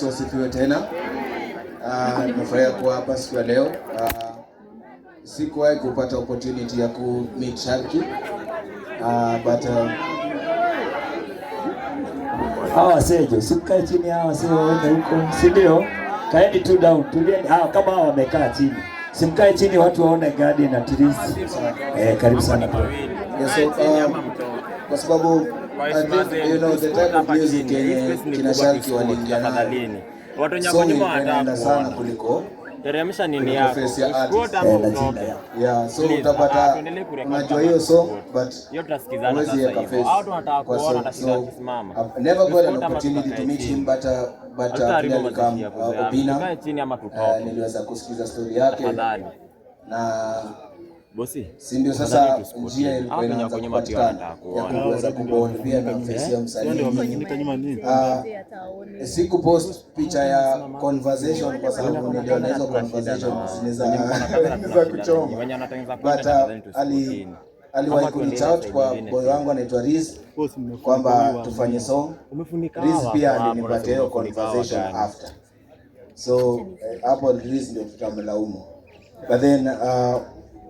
Yesu asifiwe tena. Ah, nimefurahia kuwa hapa siku ya leo. Ah, sikuwahi kupata opportunity ya ku meet Sharky. Ah, but um, hawa wasejo sikae chini, hawa wasee waende huko, si ndio? Kaeni tu down, tulieni. Ah, kama hawa wamekaa chini, simkae chini, watu waone garden na least. Eh, karibu sana. Yes, so, um, kwa sababu you know, the sana kuliko teremsha nini yako yeah, so utapata, ah, unajua hiyo song but huwezi yeka face kwa so I've never got an opportunity to meet him but uh, but finally come uh, Obinna, uh, niliweza kusikiza story yake na Bosi, si ndio sasa njia ilikuwa ah, inaanza kupatikana ya kuweza kubondia na kumfesia msanii. Ah, Siku post picha ya conversation kwa sababu niliona hizo conversation zinaweza kuchoma, but uh, ali aliwahi kunicha out kwa boy wangu anaitwa Riz kwamba tufanye song. Riz pia alinipatia hiyo conversation after, so eh, hapo Riz ndio tutamlaumu, but then uh,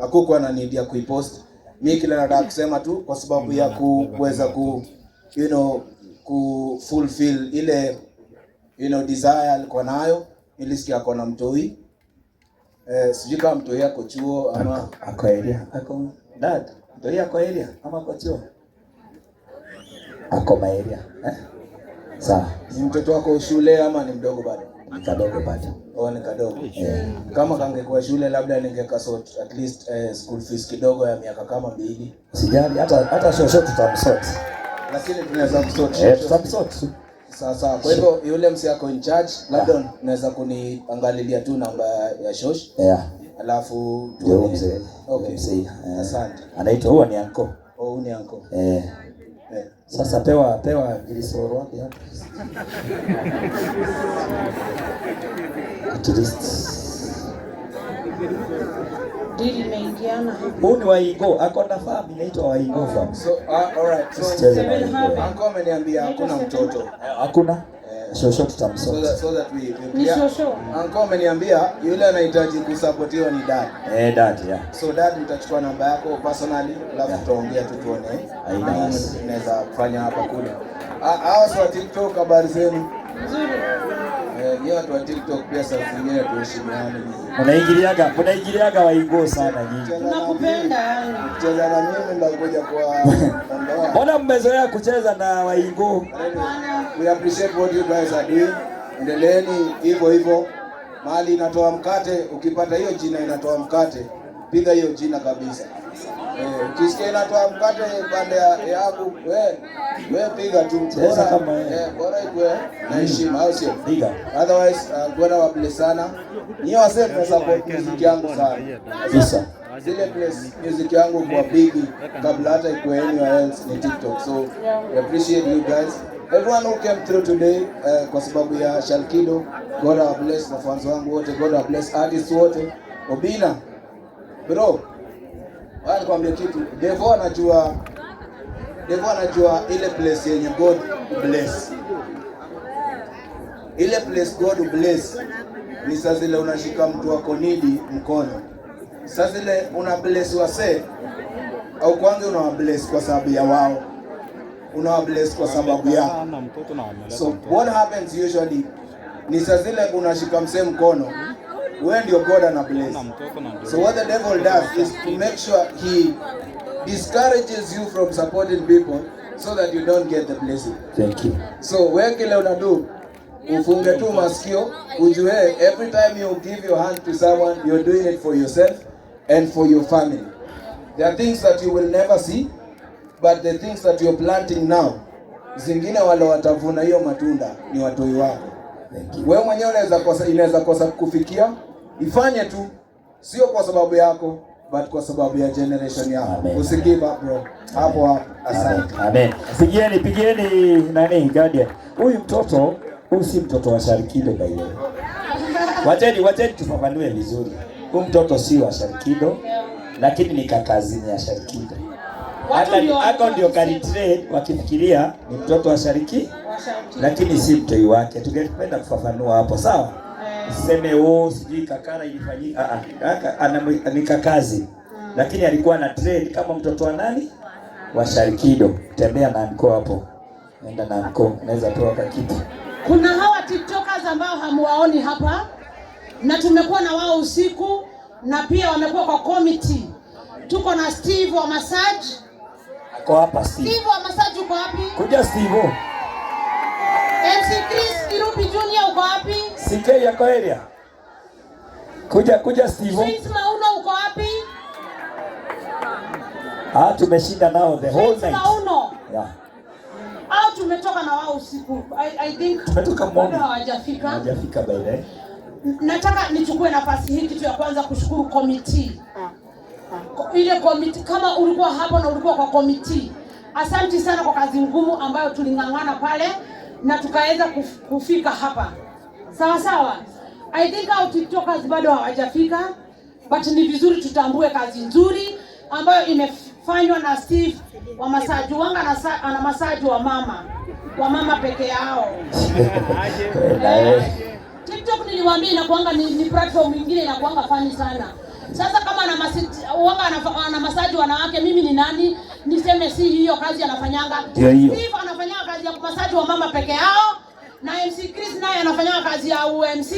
hakukuwa na need ya kuipost. Mimi kile nataka kusema tu kwa sababu ya kuweza ku you know ku fulfill ile you know desire alikuwa nayo. Nilisikia ako na mtoi eh, sijui kama mtoi ako chuo ama ako area ako dad mtoi ako area ama ako chuo ako maeria eh? Sawa, ni mtoto wako shule ama ni mdogo bado? kadogo pata Oh, ni kadogo. Yeah. Kama kangekuwa shule labda ningekasort at least uh, school fees kidogo ya miaka kama mbili. Sijali hata hata shosho tutamsort. Lakini tunaweza kusort. Eh, tutamsort. Sasa kwa hivyo yule msi yako in charge labda yeah. Unaweza kuniangalilia tu namba ya shosh. Yeah. Alafu tuone. Okay. Mzee. Asante. Eh, anaitwa huwa ni anko. Oh, ni anko. Eh. Eh, sasa pewa pewa vilisoro wapi hapa? At least dili meingiana hapo. ni Waigo ako na farm inaitwa Waigo farm. So uh, all right. So, Uncle ameniambia hakuna mtoto. Hakuna. Shosho tutamsota. So that we ni shosho. Anko ameniambia yule anahitaji kusapotiwa ni dad. Eh, dad yeah. So dad, utachukua namba yako personally, alafu tutaongea tu Aina tunaweza kufanya hapa kule. Ah, hao wa TikTok habari zenu? Nzuri ni eh, watu wa TikTok pia, sauti nyingine tuheshimiane. Unaigiliaga, unaigiliaga waigo sana nyinyi. Tunakupenda. Kucheza na mimi ndio ngoja kwa. Mbona mmezoea kucheza na waigo? We appreciate what you guys are doing. Endeleeni hivyo hivyo. Mali inatoa mkate, ukipata hiyo jina inatoa mkate. Piga hiyo jina kabisa. Tusikie na toa mkate pande yangu, wewe wewe piga tu mcheza kama yeye, eh. eh, bora ikwe na heshima, au sio? Piga otherwise, bora uh, wable sana. Ni wase pesa kwa muziki yangu sana sasa zile place music yangu kwa big kabla hata ikwe anywhere else ni TikTok, so we appreciate you guys everyone who came through today uh, kwa sababu ya Shalkido. God bless na fans wangu wote, God bless artists wote. Obina bro Wacha nikwambie kitu. Devo anajua Devo anajua ile place yenye God bless. Ile place God bless ni saa zile unashika mtu wako nidi mkono. Saa zile una bless wase au kwanza una bless kwa sababu ya wao. Una bless kwa sababu ya. So what happens usually ni saa zile unashika msee mkono when your God and a bless. So what the devil does is to make sure he discourages you from supporting people so that you don't get the blessing. Thank you. So where kile unadu ufunge tu masikio ujue every time you give your hand to someone you're doing it for yourself and for your family. There are things that you will never see but the things that you're planting now zingine wale watavuna hiyo matunda ni watoi wako. Wewe mwenyewe unaweza kosa, inaweza kosa kufikia Ifanye tu, sio kwa sababu yako but kwa sababu ya generation yako. Usigive up bro. Hapo hapo. Asante. Amen. Pigieni pigieni nani Guardian. Huyu mtoto huyu si mtoto wa Sharikido by the way. Wacheni wacheni tufafanue vizuri. Huyu mtoto si wa Sharikido lakini ni kakazini ya Sharkido. Hata ndio karitrade wakifikiria ni mtoto wa Shariki lakini si mtoi wake. Tungependa kufafanua hapo, sawa? seme o oh, sijui kakara ilifanyika ah, ah, ni kakazi, mm. lakini alikuwa na trade kama mtoto wa nani wa Sharikido. Tembea na mko hapo, nenda na mko, naweza pewa kakitu. Kuna hawa tiktokers ambao hamuwaoni hapa na tumekuwa na wao usiku na pia wamekuwa kwa committee. Tuko na Steve wa massage ako hapa. Steve, Steve wa massage uko wapi? Kuja Steve. MC Chris Kirubi Junior uko wapi? CK yako area. Kuja kuja Steve. Mauno uko wapi? Ah, tumeshinda nao the whole night. Mauno. Yeah. Au ah, tumetoka na wao usiku. I, I think tumetoka mbona hawajafika. Hawajafika by the way. Nataka nichukue nafasi hii kitu ya kwanza kushukuru committee. Ile committee kama ulikuwa hapo na ulikuwa kwa committee. Asante sana kwa kazi ngumu ambayo tuling'ang'ana pale na tukaweza kufika hapa sawa sawa. I think hao tiktokers bado hawajafika, but ni vizuri tutambue kazi nzuri ambayo imefanywa na Steve wa masaji wanga na, ana masaji wa mama wa mama peke yao eh, TikTok niliwaambia inakuanga ni, ni platform nyingine inakuanga fani sana. Sasa kama ana masaji wanga ana masaji wanawake, mimi ni nani niseme? Si hiyo kazi anafanyanga Steve, anafanyanga kazi ya masaji wa mama peke yao na MC Chris naye anafanya kazi ya UMC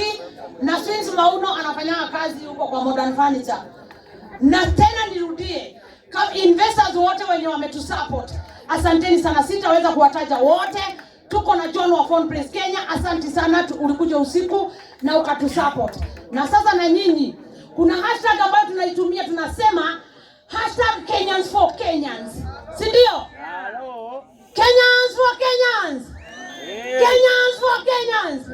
na Swins Mauno anafanya kazi huko kwa Modern Furniture. Na tena nirudie, investors wote wenye wametusupport, asanteni sana, sitaweza kuwataja wote. Tuko na John wa Phone Press Kenya, asante sana, ulikuja usiku na ukatusupport. Na sasa na nyinyi, kuna hashtag ambayo tunaitumia tunasema hashtag Kenyans for Kenyans, si ndio? Kenyans for Kenyans. Kenyans for Kenyans.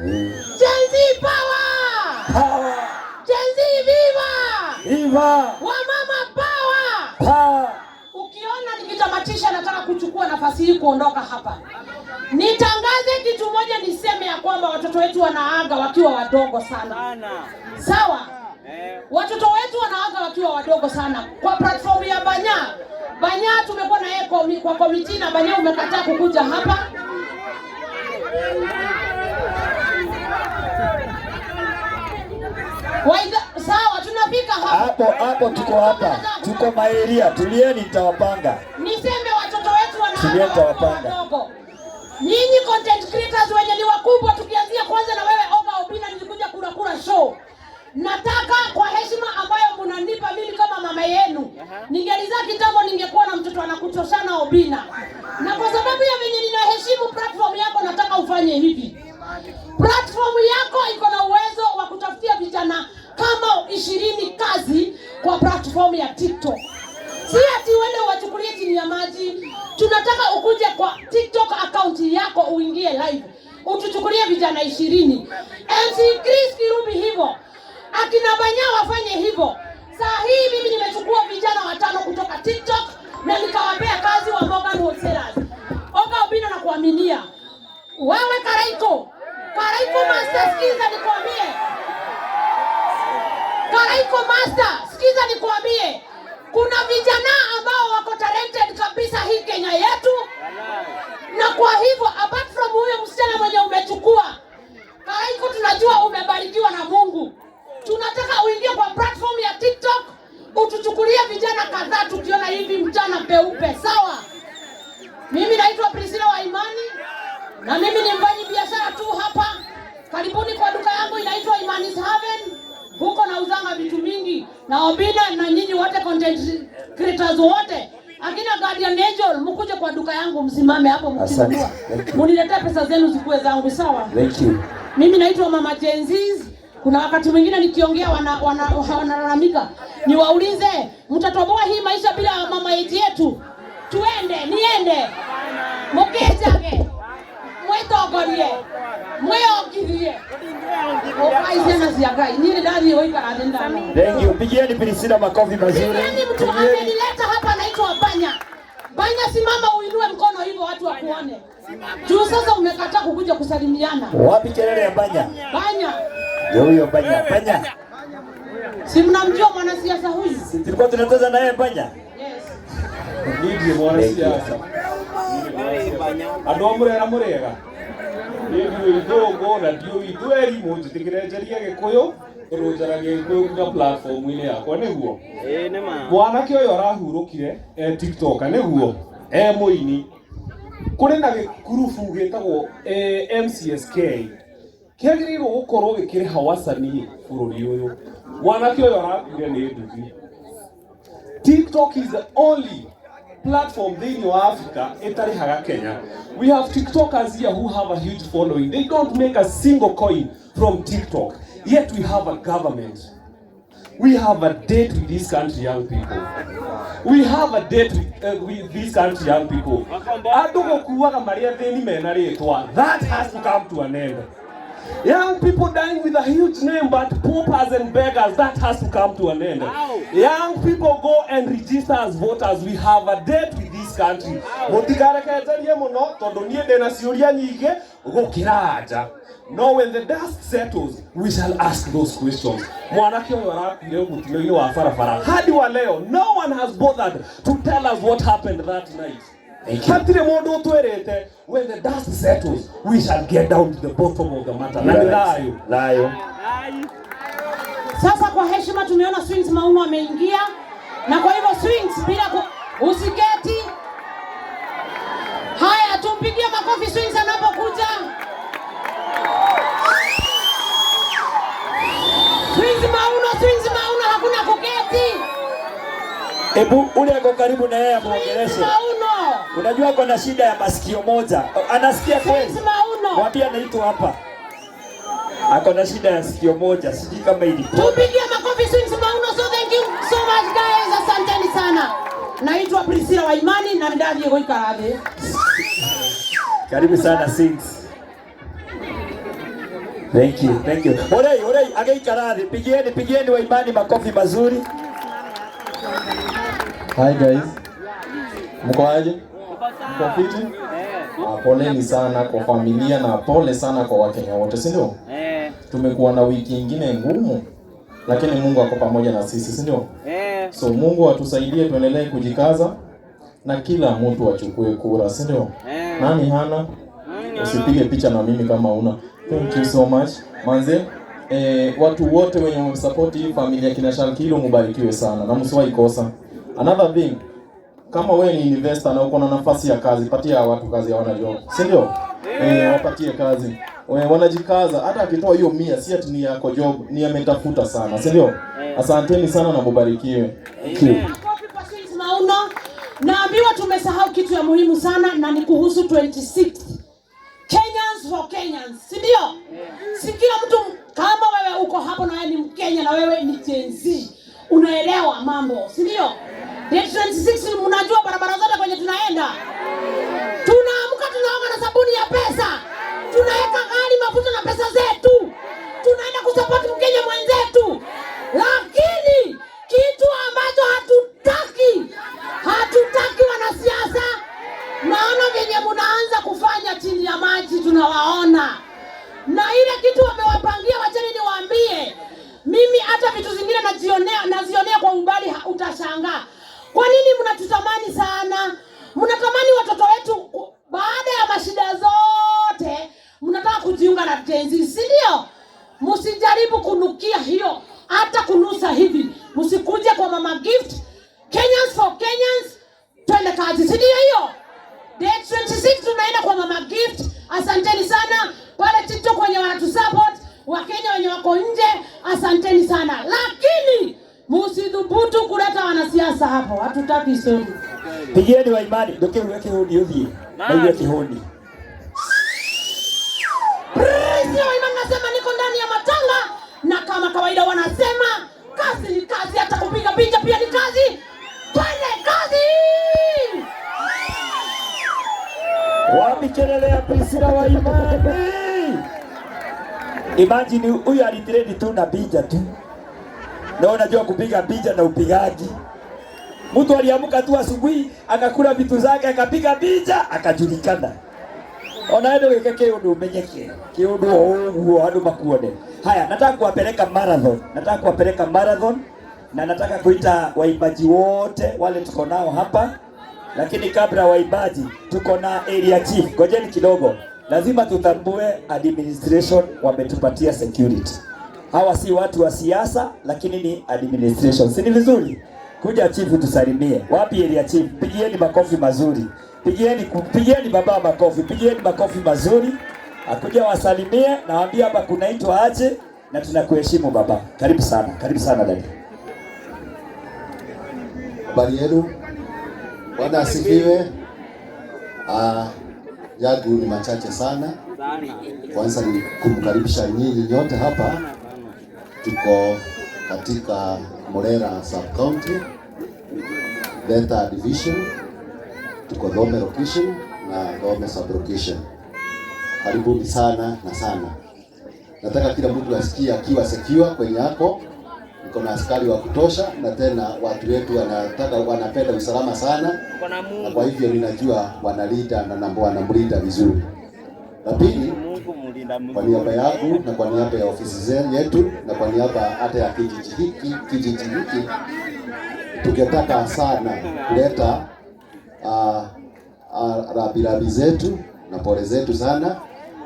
Gen Z power. Power. Gen Z viva. Viva. Wamama power. Power. Ukiona nikitamatisha nataka kuchukua nafasi hii kuondoka hapa. Nitangaze kitu moja niseme ya kwamba watoto wetu wanaaga wakiwa wadogo sana. Sawa? Eh. Watoto wetu wanaaga wakiwa wadogo sana. Kwa platform ya Banya, Banya tumekuwa na yeye kwa komiti na Banya umekataa kukuja hapa hapo hapo, tuko hapa, tuko maeria. Tulieni, nitawapanga. Niseme watoto wetu wanawapanga nyinyi content creators wenye ni wakubwa, tukianzia kwanza na wewe Oga Obinna, nilikuja kura kura show nataka kwa heshima ambayo mnanipa mimi kama mama yenu ningeliza -huh. Ningelizaa kitambo ningekuwa na mtoto anakutoshana Obina, na kwa sababu ya venye ninaheshimu platform yako, nataka ufanye hivi. Platform yako iko na uwezo wa kutafutia vijana kama ishirini kazi kwa platform ya TikTok, si ati uende uwachukulie chini ya maji. Tunataka ukuje kwa TikTok account yako uingie live utuchukulie vijana ishirini. MC Chris Kirubi hivyo akina Banya wafanye hivyo. Saa hii mimi nimechukua vijana watano kutoka TikTok na nikawapea kazi wa Morgan Wholesalers. Oga Obino, kuaminia wewe Karaiko, Karaiko Master, sikiza nikwambie, Karaiko Master, sikiza nikwambie, kuna vijana ambao wako talented kabisa hii Kenya yetu, na kwa hivyo apart from huyo msichana mwenye umechukua Karaiko, tunajua ume weupe, sawa? Mimi naitwa Priscilla wa Imani na mimi ni mfanyi biashara tu hapa. Karibuni kwa duka yangu inaitwa Imani's Haven. Huko nauzanga vitu mingi na Obina na nyinyi wote content creators wote akina Guardian Angel mkuje kwa duka yangu, msimame hapo mkinunua, muniletee pesa zenu zikuwe zangu, sawa? Thank you. Mimi naitwa Mama Jenziz. Kuna wakati mwingine nikiongea wanalalamika wana, wana Niwaulize, mtatoboa hii maisha bila mama yetu? Tuende niende mukijage mwitogorie mwiyogirie ukaisema cia ngai nyiri ndathie gũikara thĩ ndano. Thank you. Pigieni Priscilla makofi mazuri. ni mtu amenileta hapa naitwa Banya. Banya, simama uinue mkono hivyo watu wakuone. Juu sasa umekataa kukuja kusalimiana. Wapi kelele ya Banya? Banya. Ndio huyo Banya. Banya. Si mnamjua mwanasiasa huyu? Si tulikuwa tunacheza naye panya? Yes. Ndio mwanasiasa. Andũ amurera murega. Ndio idogo na ndio idweri mtu tikirejeria Gikuyu irujaragia Gikuyu kwa platform ile yakwa niguo. Eh nĩ ma. Mwanake ũyũ arahurũkire e TikTok niguo. E mũini. Kũrĩ na gĩkurubu gĩtagwo e, MCSK. Kĩagĩrĩirwo gũkorwo gĩkĩrĩha wasanii bũrũri ũyũ mwanake huyo arakuria ni nduthi tiktok is the only platform thĩinĩ wa africa haga kenya we have tiktokers here who have a huge following they don't make a single coin from tiktok yet we have a government we have a debt with this country young people we have a debt with, uh, with this country young people andå gå kuaga marä a mena rä that has to come to an end Young people dying with a huge name, but paupers and beggars, that has to come to an end. Young people go and register as voters. We have a debt with this country. Mutigarekererie muno tondu nie ndina ciuria nyingi gukira nja. No when the dust settles, we shall ask those questions. Mwanake huyo arakuire mutino-ini wa barabara. Hadi wa leo, no one has bothered to tell us what happened that night hatire mundu utwirite when the dust settles we shall get down to the bottom of the matter. nani nayo nayo Sasa kwa heshima tumeona Swings mauno ameingia na kwa hivyo Swings bila ku... usiketi. Haya tumpigie makofi Swings anapokuja. Swings mauno Swings mauno hakuna kuketi. Ebu ule ako karibu na yeye amuongeleshe. Unajua kuna shida ya masikio moja. Anasikia kweli? Mwambie anaitwa hapa. Ako na shida ya sikio moja. Sijui kama ili. Tupigie makofi swings mauno. So thank you so much guys. Asanteni sana. Naitwa Priscilla wa Imani na mdadi yego ikarabe. Karibu sana swings. Thank you. Thank you. Orei, orei, ole karadi. Pigieni pigieni wa Imani makofi mazuri. Hi guys. Mko aje? mtafiti. Ah, poleni sana kwa familia na pole sana kwa Wakenya wote, si ndio? Tumekuwa na wiki ingine ngumu, lakini Mungu ako pamoja na sisi, si ndio? So Mungu atusaidie, tuendelee kujikaza na kila mtu achukue kura, si ndio? Nani hana usipige picha na mimi kama una. Thank you so much manze. Eh, watu wote wenye wamesapoti hii familia kina Shalkilu mubarikiwe sana na msiwahi kosa. Another thing kama wewe ni investor na uko na nafasi ya kazi, patia watu kazi hawana job, si ndio? Eh, wapatie kazi we, wanajikaza. Hata akitoa hiyo mia, si ati ni yako job, ni ametafuta sana, si ndio? Asanteni sana na mubarikiwe. Mauno, naambiwa tumesahau kitu ya muhimu sana na ni kuhusu 26 Kenyans for Kenyans, si ndio? Si kila mtu kama wewe uko hapo na wewe ni Mkenya na wewe ni Gen Z unaelewa mambo, si ndio? Mnajua barabara zote kwenye tunaenda, tunaamka tunaoga na sabuni ya pesa, tunaweka gari mafuta na pesa zetu, tunaenda kusapoti Mkenya mwenzetu, lakini kitu ambacho hatutaki, hatutaki wanasiasa. Naona venye mnaanza kufanya chini ya maji, tunawaona na ile kitu wamewapangia. Wacheni niwaambie mimi, hata vitu zingine nazionea, nazionea kwa umbali, utashangaa hatutamani sana. Mnatamani watoto wetu baada ya mashida zote, mnataka kujiunga na Gen Z, si ndio? Msijaribu kunukia hiyo hata kunusa hivi, msikuje kwa Mama Gift. Kenyans for Kenyans, twende kazi, si ndio? Hiyo date 26 tunaenda kwa Mama Gift. Asanteni sana pale TikTok wenye wanatusupport, Wakenya wenye wako nje, asanteni sana lakini Musidhubutu kuleta wanasiasa hapo, hatutaki sodi. Pigieni wa imani, ndukiruga kihundi uthie. Naigua kihundi. Praise wa imani nasema niko ndani ya matanga na kama kawaida wanasema kazi ni kazi, hata kupiga picha pia ni kazi. Twende kazi. Wapi kelele ya Priscilla wa imani? Imagine huyu alitrade tu na bija tu na unajua kupiga picha na upigaji. Mtu aliamka tu asubuhi akakula vitu zake akapiga picha akajulikana. Ona ndio yake kio kiundu umenyeke. Kio Kiundu huo hadi makuone. Haya, nataka kuwapeleka marathon. Nataka kuwapeleka marathon na nataka kuita waibaji wote wale tuko nao hapa. Lakini kabla waibaji tuko na area chief. Ngojeni kidogo. Lazima tutambue administration wametupatia security hawa si watu wa siasa, lakini ni administration. Si ni vizuri kuja chifu tusalimie? Wapi area chief? Pigieni makofi mazuri, pigieni, pigieni baba makofi, pigieni makofi mazuri. Akuja wasalimie, nawaambia hapa kunaitwa aje, na tunakuheshimu baba. Karibu sana, karibu sana dada. Habari yenu, Bwana asifiwe. Ah, yangu ni machache sana. Kwanza ni kumkaribisha nyinyi nyote hapa tuko katika morera sub county Delta division, tuko Dome location na Dome sub location. Karibuni sana na sana, nataka kila mtu asikie akiwa secure kwenye hapo, Niko na askari wa kutosha, na tena watu wetu wanataka wanapenda usalama sana, na kwa hivyo ninajua wanalinda na nambo wanamlinda vizuri. La pili, kwa niaba yangu na kwa niaba ya ofisi zenu yetu na kwa niaba hata ya kijiji hiki kijiji hiki tungetaka sana kuleta uh, ah, uh, ah, rabirabi zetu na pole zetu sana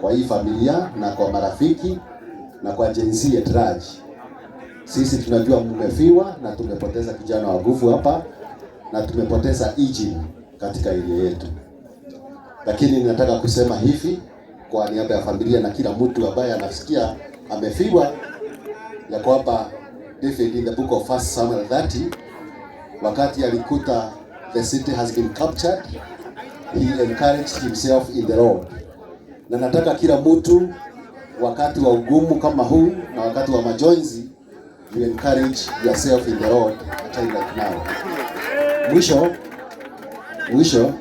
kwa hii familia na kwa marafiki na kwa jinsi ya Traji. Sisi tunajua mmefiwa na tumepoteza kijana wa nguvu hapa na tumepoteza iji katika ile yetu, lakini nataka kusema hivi kwa niaba ya familia na kila mtu ambaye anasikia amefiwa ya kwamba David in the book of 1 Samuel 30 wakati alikuta the city has been captured he encouraged himself in the Lord. Na nataka kila mtu wakati wa ugumu kama huu na wakati wa majonzi you encourage yourself in the Lord at time like now. Mwisho mwisho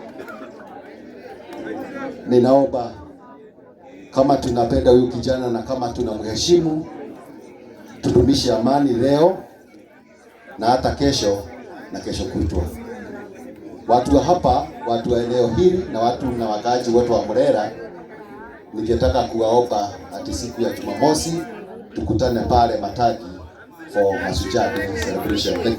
ninaomba kama tunapenda huyu kijana na kama tunamheshimu, tudumishe amani leo na hata kesho na kesho kutwa. Watu wa hapa, watu wa eneo hili na watu na wakaaji wote wa Murera, ningetaka kuwaomba hati siku ya Jumamosi tukutane pale Matagi for Mashujaa Day celebration. Thank you.